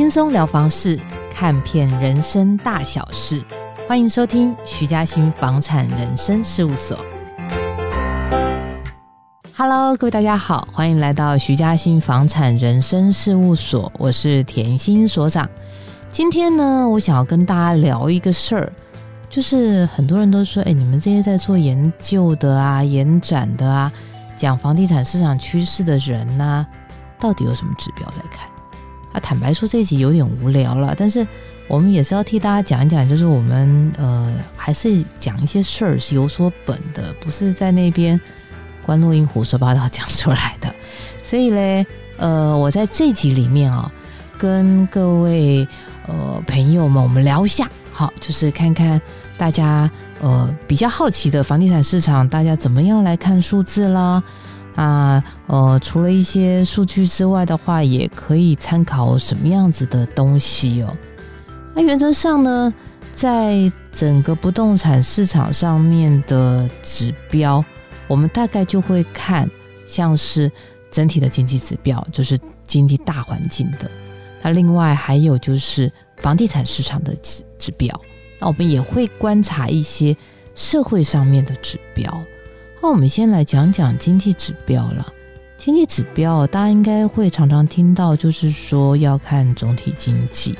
輕鬆聊房事，看遍人生大小事，歡迎收聽徐嘉欣房產人生事務所。Hello，各位大家好，歡迎來到徐嘉欣房產人生事務所，我是田心所長。今天呢，我想要跟大家聊一個事兒，就是很多人都說，哎，你們這些在做研究的啊、研展的啊、講房地產市場趨勢的人吶、啊，到底有什麼指標在看？啊，坦白說這集有點無聊了，但是我們也是要替大家講一講，就是我們呃還是講一些事兒是有所本的，不是在那邊關落陰胡說八道講出來的。所以嘞，呃，我在這集裡面啊、哦，跟各位呃朋友們，我們聊一下，好，就是看看大家呃比較好奇的房地產市場，大家怎麼樣來看數字啦。啊，呃，除了一些數據之外的話，也可以參考什麼樣子的東西哦。那、啊、原則上呢，在整個不動產市場上面的指標，我們大概就會看像是整體的經濟指標，就是經濟大環境的。那、啊、另外還有就是房地產市場的指指標，那我們也會觀察一些社會上面的指標。那我們先來講講經濟指標了。經濟指標大家應該會常常聽到，就是說要看總體經濟。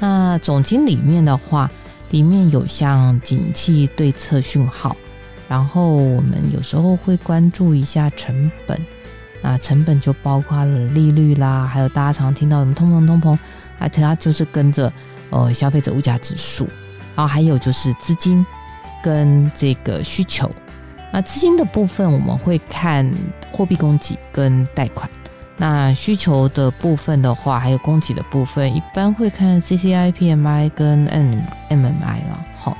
那總經裡面的話，裡面有像景氣對策訊號，然後我們有時候會關注一下成本。那成本就包括了利率啦，還有大家常聽到什麼通膨通膨、通膨，還其他就是跟着、呃、消費者物價指數，然後還有就是資金跟這個需求。那資金的部分我們會看貨幣供給跟貸款。那需求的部分的話，還有供給的部分，一般會看 C C I P M I 跟 N M M I 啦，好、哦，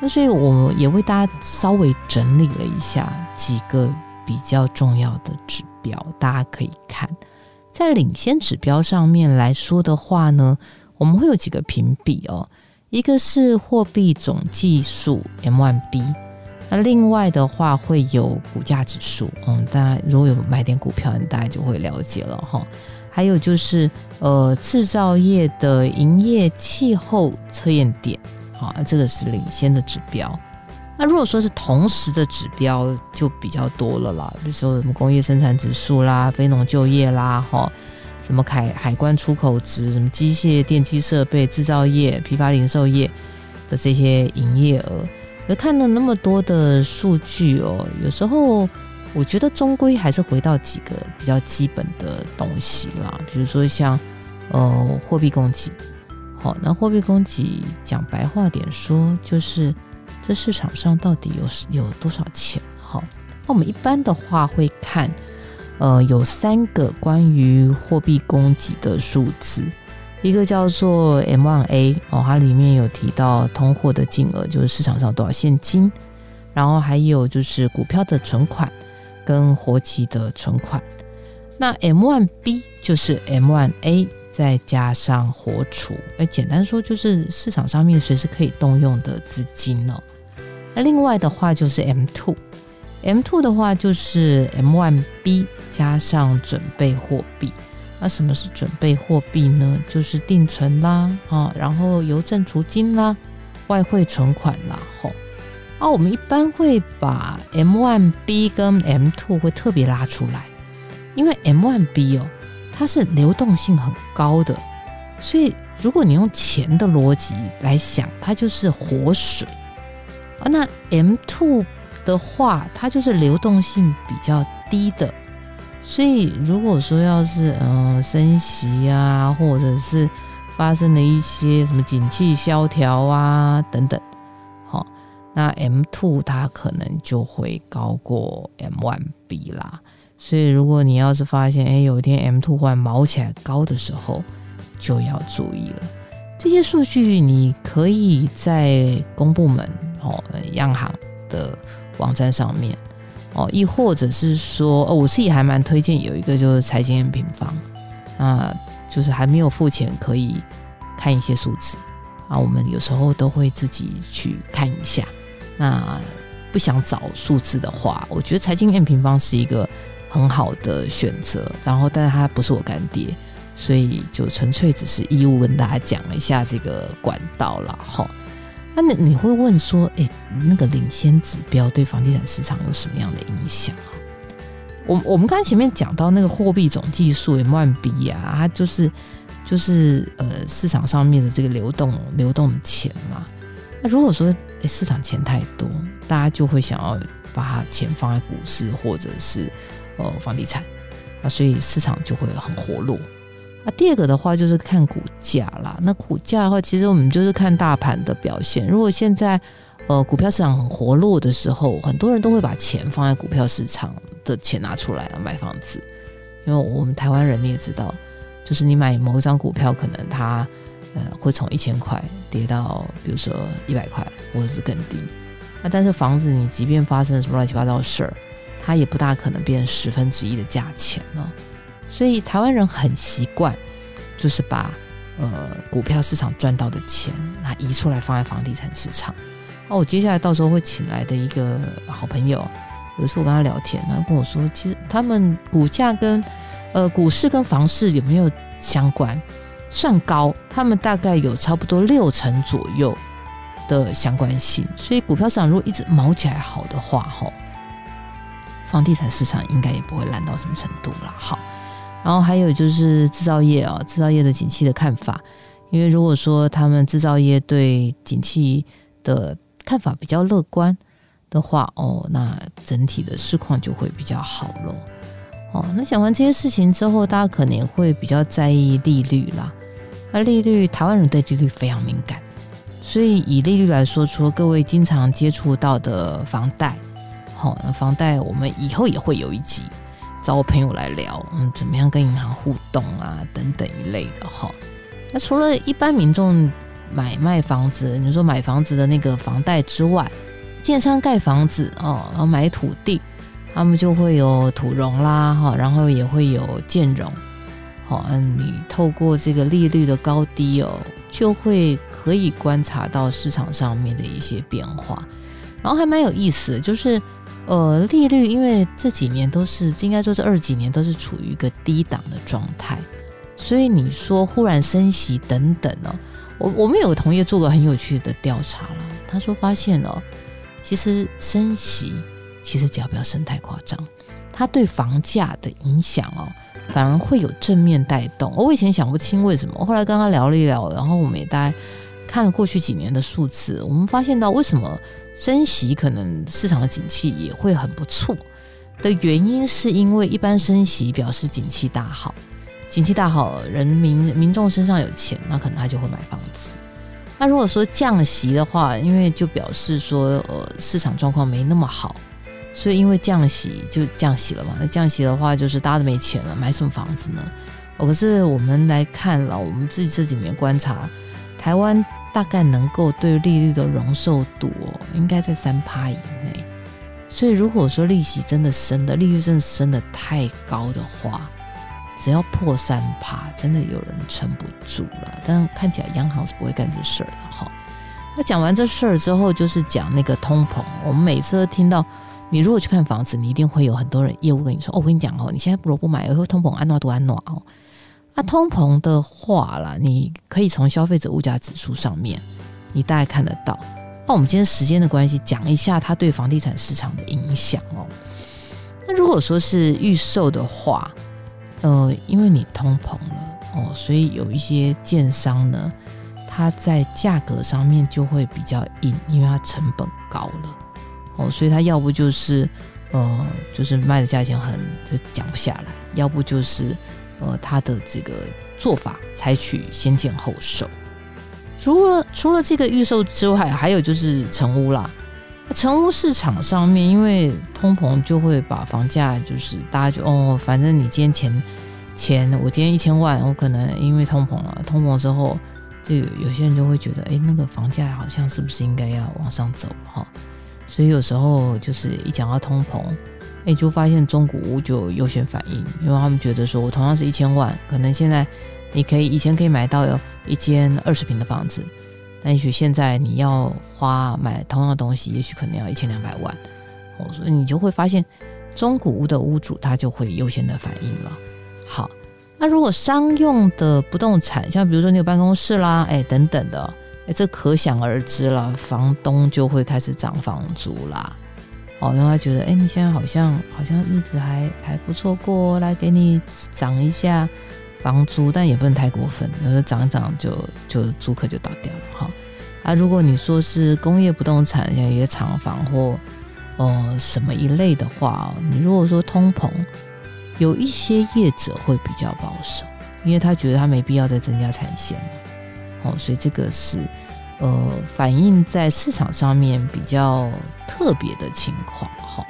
那所以我也為大家稍微整理了一下幾個比較重要的指標，大家可以看。在領先指標上面來說的話呢，我們會有幾個評比哦，一個是貨幣總計數 M 1 B。那另外的話會有股價指數，嗯，大家如果有買點股票，你大家就會了解了哈、哦。還有就是呃製造業的營業氣候測驗點，啊、哦，這個是領先的指標。那如果說是同時的指標就比較多了啦，比如說什麼工業生產指數啦、非農就業啦，哈、哦，什麼海海關出口值、什麼機械、電機設備製造業、批發零售業的這些營業額。看了那麼多的數據哦，有時候我覺得終歸還是回到幾個比較基本的東西啦，比如說像呃貨幣供給。好，那貨幣供給講白話點說，就是這市場上到底有有多少錢？哈，那我們一般的話會看呃有三個關於貨幣供給的數字。一個叫做 M1A，哦，它裡面有提到通貨的金額，就是市場上多少現金，然後還有就是股票的存款跟活期的存款。那 M1B 就是 M1A 再加上活儲，哎，簡單說就是市場上面隨時可以動用的資金哦。那另外的話就是 M2，M2 的話就是 M1B 加上準備貨幣。那什麼是準備貨幣呢？就是定存啦，啊、哦，然後郵政儲金啦，外匯存款啦，吼、哦、啊，我們一般會把 M1B 跟 M2 會特別拉出來，因為 M1B 哦，它是流動性很高的，所以如果你用錢的邏輯來想，它就是活水啊。那 M2 的話，它就是流動性比較低的。所以，如果說要是嗯，呃，升息啊，或者是發生了一些什麼景氣蕭條啊等等，好、哦，那 M two 它可能就會高過 M one B 啦。所以，如果你要是發現哎，欸，有一天 M two 突然毛起來高的時候，就要注意了。這些數據你可以在公部門哦，央行的網站上面。哦，亦或者是說，呃、哦，我自己還蠻推薦有一個就是財經 M 平方，那、啊、就是還沒有付錢可以看一些數字，啊，我們有時候都會自己去看一下。那不想找數字的話，我覺得財經 M 平方是一個很好的選擇。然後，但是它不是我乾爹，所以就純粹只是義務跟大家講一下這個管道了，吼！那你會問說，誒、欸，那個領先指標對房地產市場有什麼樣的影響啊？我我們剛才前面講到那個貨幣總計數 M2 啊，它就是就是呃市場上面的這個流動流動的錢嘛。那如果說，欸，市場錢太多，大家就會想要把錢放在股市或者是呃房地產啊，所以市場就會很活絡。啊、第二個的話就是看股價啦。那股價的話，其實我們就是看大盤的表現。如果現在呃股票市場很活絡的時候，很多人都會把錢放在股票市場的錢拿出來啊買房子，因為我們台灣人你也知道，就是你買某一張股票，可能它呃會從一千塊跌到比如說一百塊或者是更低。那、啊、但是房子，你即便發生了什麼亂七八糟的事兒，它也不大可能變十分之一的價錢了。所以台灣人很習慣，就是把呃股票市場賺到的錢拿移出來放在房地產市場。哦，我接下來到時候會請來的一個好朋友，有一次我跟他聊天，他跟我說，其實他們股價跟呃股市跟房市有沒有相關？算高，他們大概有差不多六成左右的相關性。所以股票市場如果一直卯起來好的話，吼，房地產市場應該也不會爛到什麼程度啦。好。然後還有就是製造業啊，製造業的景氣的看法，因為如果說他們製造業對景氣的看法比較樂觀的話，哦，那整體的市況就會比較好咯。哦，那講完這些事情之後，大家可能會比較在意利率啦。那利率，台灣人對利率非常敏感，所以以利率來說，說，除了各位經常接觸到的房貸，好，哦，那房貸我們以後也會有一集。找我朋友來聊，嗯，怎麼樣跟銀行互動啊？等等一類的哈、哦。那除了一般民眾買賣房子，你說買房子的那個房貸之外，建商蓋房子哦，然後買土地，他們就會有土融啦哈、哦，然後也會有建融。好、哦嗯，你透過這個利率的高低哦，就會可以觀察到市場上面的一些變化，然後還蠻有意思的，就是。呃，利率因為這幾年都是應該說這二幾年都是處於一個低檔的狀態，所以你說忽然升息等等呢、哦，我我們有個同業做過很有趣的調查了，他說發現哦，其實升息其實只要不要升太誇張，它對房價的影響哦，反而會有正面帶動。我、哦、以前想不清為什麼，後來跟他聊了一聊，然後我們也大概看了過去幾年的數字，我們發現到為什麼。升息，可能市場的景氣也會很不錯。的原因是因為一般升息表示景氣大好，景氣大好，人民民眾身上有錢，那可能他就會買房子。那如果說降息的話，因為就表示說呃市場狀況沒那麼好，所以因為降息就降息了嘛。那降息的話就是大家都沒錢了，買什麼房子呢？哦，可是我們來看了，我們自己這幾年觀察台灣。大概能夠對利率的容受度哦，應該在三趴以內。所以如果說利息真的升的，利率真的升的太高的話，只要破三趴，真的有人撐不住了。但看起來央行是不會幹這事兒的哈、哦。那講完這事兒之後，就是講那個通膨。我們每次都聽到，你如果去看房子，你一定會有很多人業務跟你說，哦，我跟你講哦，你現在不如不買，以後通膨安諾多安諾哦。那通膨的話啦，你可以從消費者物價指數上面，你大概看得到。那我們今天時間的關係，講一下它對房地產市場的影響哦。那如果說是預售的話，呃，因為你通膨了哦，所以有一些建商呢，它在價格上面就會比較硬，因為它成本高了哦，所以它要不就是呃，就是賣的價錢很就講不下來，要不就是。呃，他的這個做法採取先建後售，除了除了這個預售之外，還有就是成屋啦。成屋市場上面，因為通膨就會把房價，就是大家就哦，反正你今天錢錢，我今天一千萬，我可能因為通膨了，通膨之後，就有，有些人就會覺得，哎，那個房價好像是不是應該要往上走哈？所以有時候就是一講到通膨。你、欸、就發現中古屋就有優先反應，因為他們覺得說，我同樣是一千萬，可能現在你可以以前可以買到有一間二十坪的房子，但也許現在你要花買同樣的東西，也許可能要一千兩百萬。所以你就會發現中古屋的屋主他就會有優先的反應了。好，那如果商用的不動產，像比如說你有辦公室啦，哎、欸、等等的，哎、欸、這可想而知了，房東就會開始漲房租啦。哦，然後他覺得，哎、欸，你現在好像好像日子還還不錯過哦，來給你漲一下房租，但也不能太過分，有時候漲一漲就就租客就倒掉了哈。啊，如果你說是工業不動產，像一些廠房或哦、呃、什麼一類的話哦，你如果說通膨，有一些業者會比較保守，因為他覺得他沒必要再增加產線了，哦，所以這個是。呃，反映在市場上面比較特別的情況哈、哦，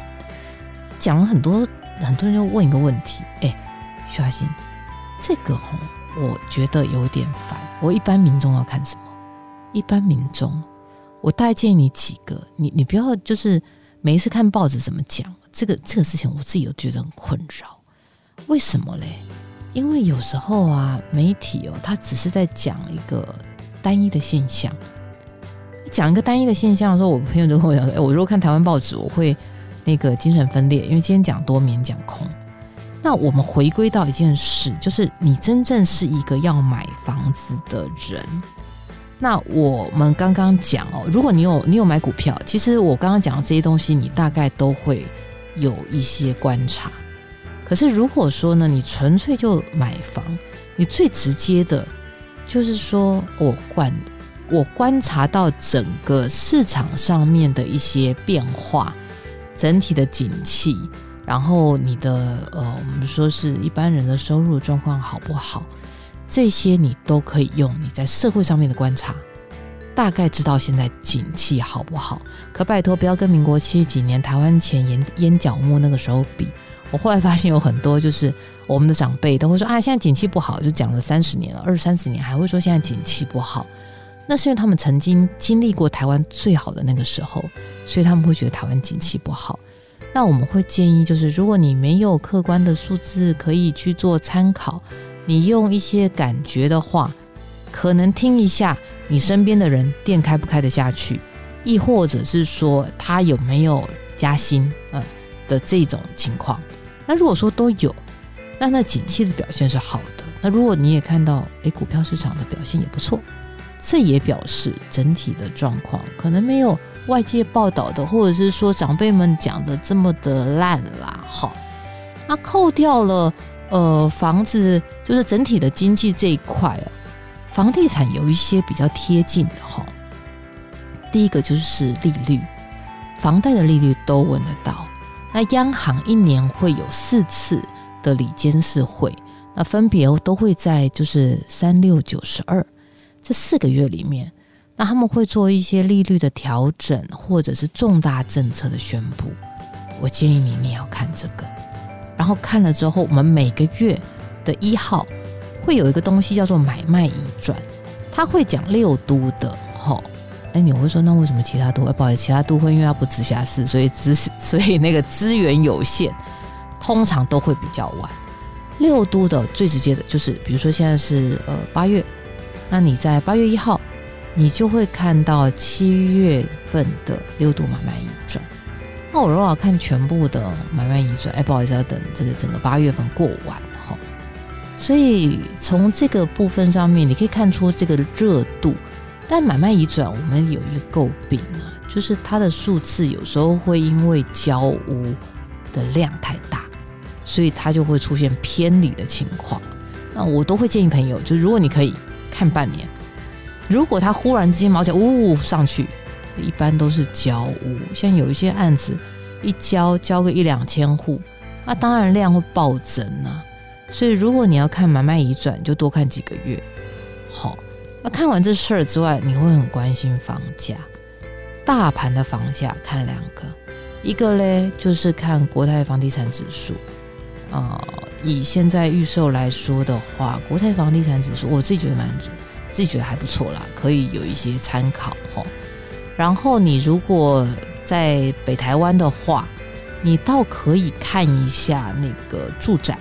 講了很多，很多人就問一個問題，哎，徐阿新，這個、哦、我覺得有點煩。我一般民眾要看什麼？一般民眾，我大概建議你幾個，你你不要就是每一次看報紙怎麼講這個這個事情，我自己都覺得很困擾。為什麼嘞？因為有時候啊，媒體哦，它只是在講一個單一的現象。講一個單一的現象，說我朋友就跟我講說，欸，我如果看台灣報紙，我會那個精神分裂，因為今天講多，免講空。那我們回歸到一件事，就是你真正是一個要買房子的人。那我們剛剛講哦，如果你有你有買股票，其實我剛剛講的這些東西，你大概都會有一些觀察。可是如果說呢，你純粹就買房，你最直接的就是說，我、哦、慣。慣我觀察到整個市場上面的一些變化，整體的景氣，然後你的呃，我們說是一般人的收入狀況好不好，這些你都可以用你在社會上面的觀察，大概知道現在景氣好不好。可拜託不要跟民國七十幾年台灣錢淹腳目那個時候比。我後來發現有很多就是我們的長輩都會說啊，現在景氣不好，就講了三十年了，二三十年還會說現在景氣不好。那是因為他們曾經經歷過台灣最好的那個時候，所以他們會覺得台灣景氣不好。那我們會建議，就是如果你沒有客觀的數字可以去做參考，你用一些感覺的話，可能聽一下你身邊的人店開不開得下去，亦或者是說他有沒有加薪，嗯的這種情況。那如果說都有，那那景氣的表現是好的。那如果你也看到，哎，股票市場的表現也不錯。這也表示整體的狀況可能沒有外界報道的，或者是說長輩們講的這麼的爛啦。好、哦，那扣掉了，呃，房子就是整體的經濟這一塊哦，房地產有一些比較貼近的吼、哦。第一個就是利率，房貸的利率都問得到。那央行一年會有四次的理監事會，那分別都會在就是三六九十二，這四個月裡面，那他們會做一些利率的調整，或者是重大政策的宣布。我建議你，你也要看這個。然後看了之後，我們每個月的一號會有一個東西叫做買賣移轉，他會講六都的。哈、哦，哎，你會說那為什麼其他都會、啊？不好意思，其他都會，因為它不直轄市，所以資所以那個資源有限，通常都會比較晚。六都的最直接的就是，比如說現在是呃八月。那你在八月一號，你就會看到七月份的六都買賣移轉。那我如果要看全部的買賣移轉，哎，不好意思，要等這個整個八月份過完哈。所以從這個部分上面，你可以看出這個熱度。但買賣移轉，我們有一個詬病啊，就是它的數字有時候會因為交屋的量太大，所以它就會出現偏離的情況。那我都會建議朋友，就如果你可以。看半年，如果他忽然之間毛價嗚、哦、上去，一般都是交屋，像有一些案子一交交個一兩千戶，那、啊、當然量會暴增吶、啊。所以如果你要看買賣移轉，你就多看幾個月。好、哦，那看完這事兒之外，你會很關心房價，大盤的房價看兩個，一個嘞就是看國泰房地產指數啊。哦以現在預售來說的話，國泰房地產指數，我自己覺得蠻自己覺得還不錯啦，可以有一些參考哈、哦。然後你如果在北台灣的話，你倒可以看一下那個住展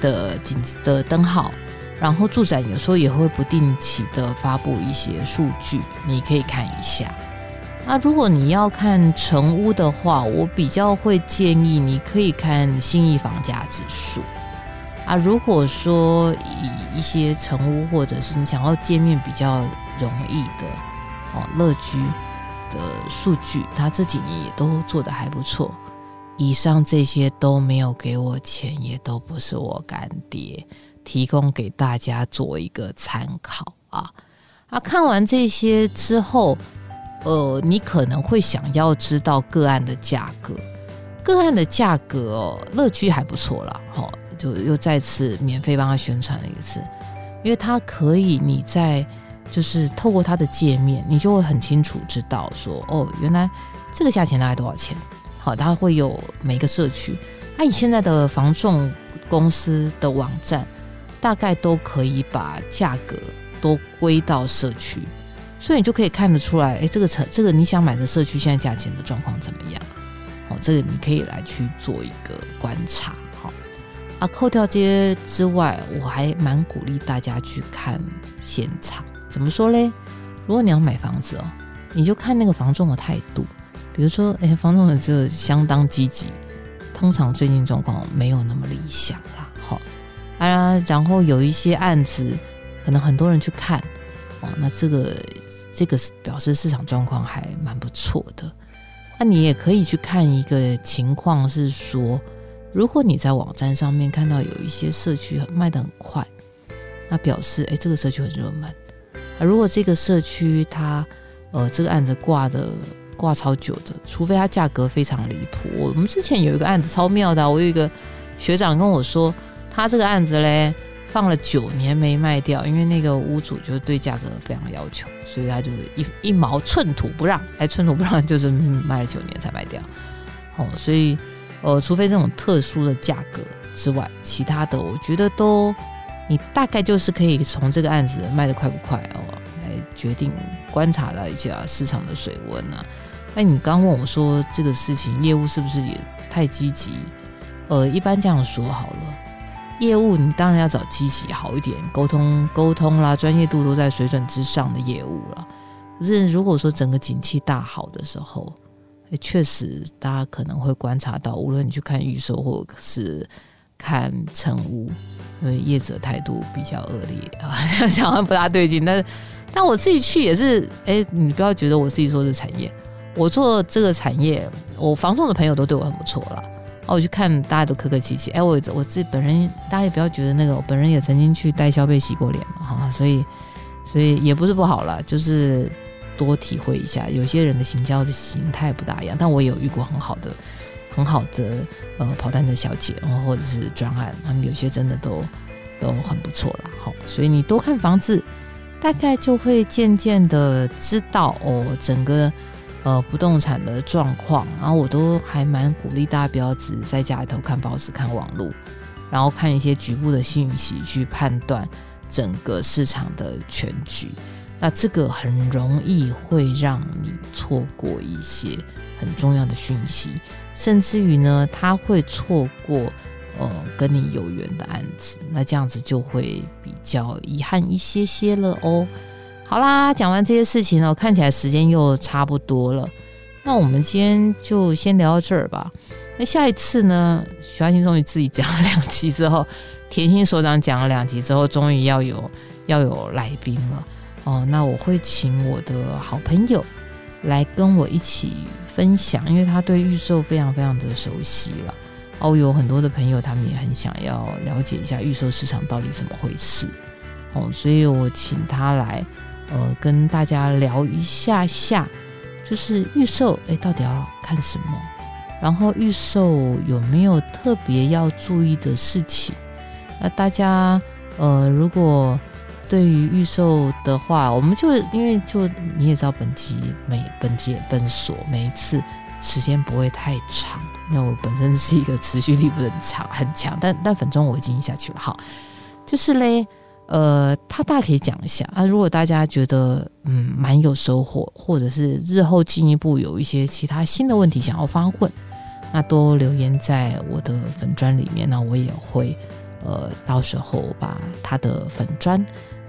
的景的燈號，然後住展有時候也會不定期的發布一些數據，你可以看一下。那、啊、如果你要看成屋的話，我比較會建議你可以看信義房價指數。啊，如果說以一些成屋，或者是你想要見面比較容易的哦，樂居的數據，它這幾年也都做得還不錯。以上這些都沒有給我錢，也都不是我乾爹提供給大家做一個參考啊。啊，看完這些之後，呃，你可能會想要知道個案的價格，個案的價格哦，樂居還不錯了，哈、哦，就又再次免費幫他宣傳了一次，因為他可以你在就是透過他的界面，你就會很清楚知道說，哦，原來這個價錢大概多少錢？好、哦，他會有每個社區，啊，以現在的房仲公司的網站，大概都可以把價格都歸到社區。所以你就可以看得出來，誒，這個城，這個你想買的社區現在價錢的狀況怎麼樣？哦，這個你可以來去做一個觀察，哈、哦、啊，扣掉這些之外，我還蠻鼓勵大家去看現場。怎麼說嘞？如果你要買房子哦，你就看那個房仲的態度。比如說，誒，房仲就相當積極，通常最近狀況沒有那麼理想啦，好、哦。然、啊，然後有一些案子，可能很多人去看，哦，那這個。這個是表示市場狀況還蠻不錯的，那你也可以去看一個情況是說，如果你在網站上面看到有一些社區賣得很快，那表示誒，這個社區很熱門啊。如果這個社區它呃這個案子掛得掛超久的，除非它價格非常離譜。我們之前有一個案子超妙的，我有一個學長跟我說，他這個案子嘞。放了九年沒賣掉，因為那個屋主就是對價格非常要求，所以他就是一一毛寸土不讓，還、哎、寸土不讓，就是賣了九年才賣掉。哦。所以呃，除非這種特殊的價格之外，其他的我覺得都，你大概就是可以從這個案子賣得快不快哦來決定觀察了一下市場的水溫啊。那、哎、你剛問我說這個事情業務是不是也太積極？呃，一般這樣說好了。業務你當然要找積極好一點溝通溝通啦，專業度都在水準之上的業務啦。可是如果說整個景氣大好的時候，確、欸、實大家可能會觀察到，無論你去看預售或是看成屋，因為業者態度比較惡劣啊，好像不大對勁。但但我自己去也是，哎、欸，你不要覺得我自己做這產業，我做這個產業，我房仲的朋友，都對我很不錯啦。哦，我去看，大家都客客氣氣。哎，我我自己本人，大家也不要覺得那個，我本人也曾經去代銷，被洗過臉哈、啊，所以，所以也不是不好啦，就是多體會一下，有些人的行銷的形態不大一樣。但我也有遇過很好的、很好的呃跑單的小姐、哦、或者是專案，他們有些真的都都很不錯啦。好、哦，所以你多看房子，大概就會漸漸的知道哦，整個。呃，不動產的狀況，然後我都還蠻鼓勵大家不要只在家裡頭看報紙、看網絡，然後看一些局部的信息，去判斷整個市場的全局。那這個很容易會讓你錯過一些很重要的訊息，甚至於呢，他會錯過呃跟你有緣的案子。那這樣子就會比較遺憾一些些了哦。好啦，講完這些事情呢、喔，看起來時間又差不多了。那我們今天就先聊到這兒吧。那下一次呢？徐嘉欣終於自己講了兩集之後，甜心所長講了兩集之後，終於要有要有來賓了哦、呃。那我會請我的好朋友來跟我一起分享，因為他對預售非常非常的熟悉了。哦，有很多的朋友他們也很想要了解一下預售市場到底怎麼回事哦、呃，所以我請他來。呃，跟大家聊一下下，就是預售，誒，到底要看什麼？然後預售有沒有特別要注意的事情？那大家，呃，如果對於預售的話，我們就因為就你也知道本，本集每本集本所每一次時間不會太長。那我本身是一個持續力不很長很強，但但反正我已經下去了，好，就是嘞。呃，他大概可以講一下那、啊、如果大家覺得嗯蠻有收穫，或者是日後進一步有一些其他新的問題想要發問，那多留言在我的粉專裡面。那我也會呃到時候把他的粉專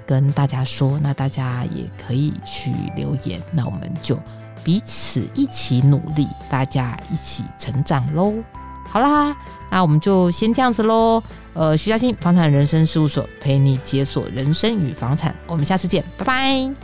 跟大家說。那大家也可以去留言。那我們就彼此一起努力，大家一起成長嘍。好啦，那我們就先這樣子嘍。呃，徐嘉欣房產人生事務所陪你解鎖人生與房產，我們下次見，拜拜。